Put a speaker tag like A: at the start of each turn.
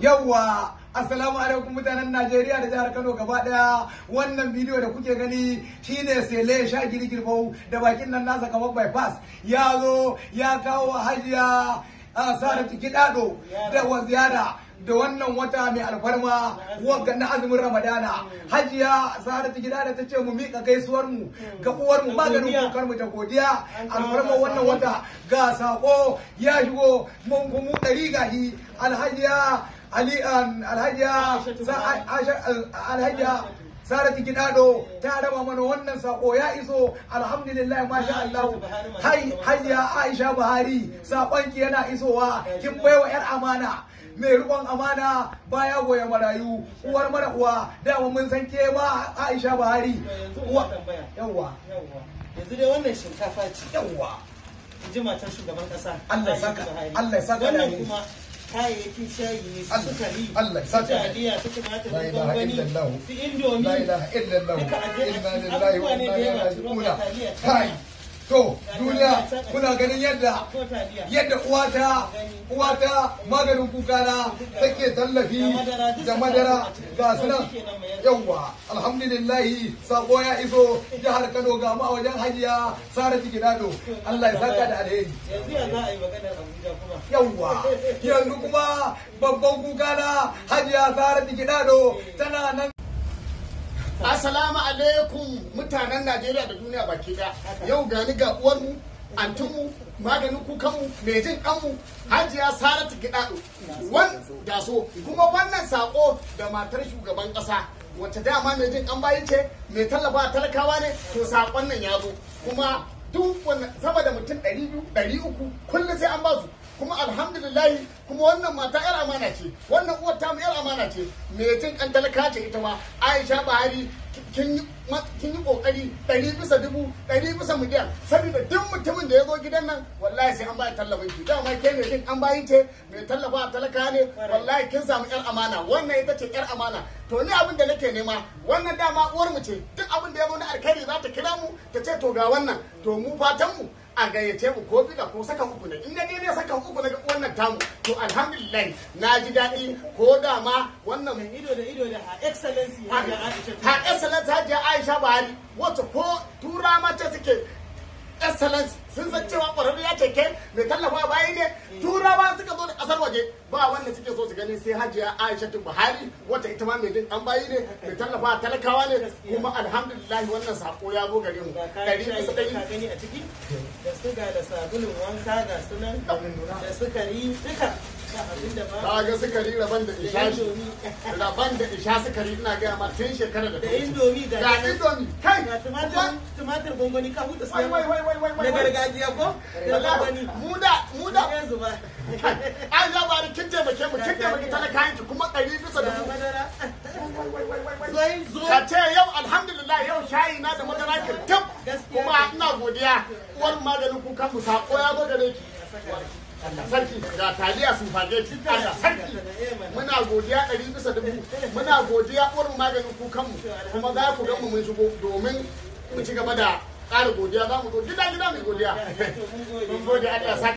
A: yawwa assalamu alaikum mutanen najeriya da jihar kano gaba daya wannan bidiyo da kuke gani shine sele sha girgirbau da bakin nan nasa kamar bypass ya zo ya kawo hajiya a sara ciki dado da ziyara da wannan wata mai alfarma wanga na azumin ramadana hajiya Saratu gida da ta ce mu mika gaisuwar mu ga uwar mu maganin kokar mu ta godiya alfarma wannan wata ga sako ya shigo mun kuma ɗari gahi alhajiya ali alhaja alhaja alhajiya sarati gidado ta raba mana wannan sako ya iso alhamdulillah ma sha Allah hai hajiya Aisha Buhari sakon ki yana isowa kin baiwa yar amana mai rikon amana baya goya marayu uwar mara uwa dama mun san ke ba Aisha Buhari yawa yawa yanzu dai wannan shinkafa ce yawa ji matar shugaban kasa Allah saka Allah saka wannan kuma kayayyakin shayi ne su sukari su jariya su tumatirin gwangwani su indomi duka a jirgin abubuwa ne da yawa su roba taliya to duniya kuna ganin yadda yadda uwata uwata maganin kuka na take tallafi da madara ga suna nan alhamdulillah alhamdulillahi sako ya iso jihar Kano ga ma wajen hajiya Saratu Gidado Allah ya saka da alheri yanzu kuma babban
B: kuka na hajiya Saratu Gidado tana nan Assalamu alaikum mutanen Najeriya da duniya baki da Yau gani ga uwarmu, antumu maganin kukanmu, mai jin kanmu, hajiya Saratu gida Wan da so kuma wannan sako da matar shugaban ƙasa wacce dama mai jin kan bayi ce, mai tallafa talakawa ne, to sakon nan ya zo. Kuma duk sama da mutum ɗari biyu, ɗari uku, kullum sai an ba su. kuma alhamdulillahi kuma wannan mata yar amana ce wannan uwar ta yar amana ce me cin kan talaka ce ita ma Aisha Bahari kin yi kokari ɗari bisa dubu ɗari bisa miliyan saboda duk mutumin da ya zo gidan nan wallahi sai an baya tallafin ki dama ke ne din an bayi ce mai tallafa talaka ne wallahi kin samu yar amana wannan ita ce yar amana to ni abin da nake nema wannan dama uwar mu ce duk abin da ya zo na alkhairi za ta kira mu ta ce to ga wannan to mu fatan mu a gayyace mu ko bida ko sakan uku ne in na ne sakan uku na wannan tamu to alhamdulillah na ji daɗi ko da ma wannan mai ido da ido da her excellency hajiya aisha ha excellency hajiya aisha buhari wacce ko tura mace suke excellence sun san cewa ƙwararriya ce ke mai tallafa bayi ne turawa suka zo da ƙasar waje ba wanda suke so su gani sai hajiya aisha buhari wata ita ma mai an bayi ne mai tallafa talakawa ne kuma alhamdulillah wannan sako ya zo gare mu ɗari bisa ɗari a ciki da suga da sabulun wanka ga sunan da sukari duka ta ga sukari rabon da isha rabon da isha sukari ina ma tun da ta wuce da indomi ga indomi kai tumatir gongoni ka huta sai wai wai wai wai na gargajiya ko da eh, gongoni mu da mu da yanzu ba an ya bari kin taimake mu kin tana kayan ki kuma ɗari bisa da mu ka ce yau alhamdulillah yau shayi na da madara kirtim kuma ina godiya uwar maganin kan mu sako ya zo gare ki sarki ga taliya sun fage ki Allah sarki muna godiya ɗari bisa dubu muna godiya uwar maganin kukan mu kuma za ku ga mu mun shigo domin
A: mu ci gaba da
B: ƙara godiya za mu zo gida gida mai godiya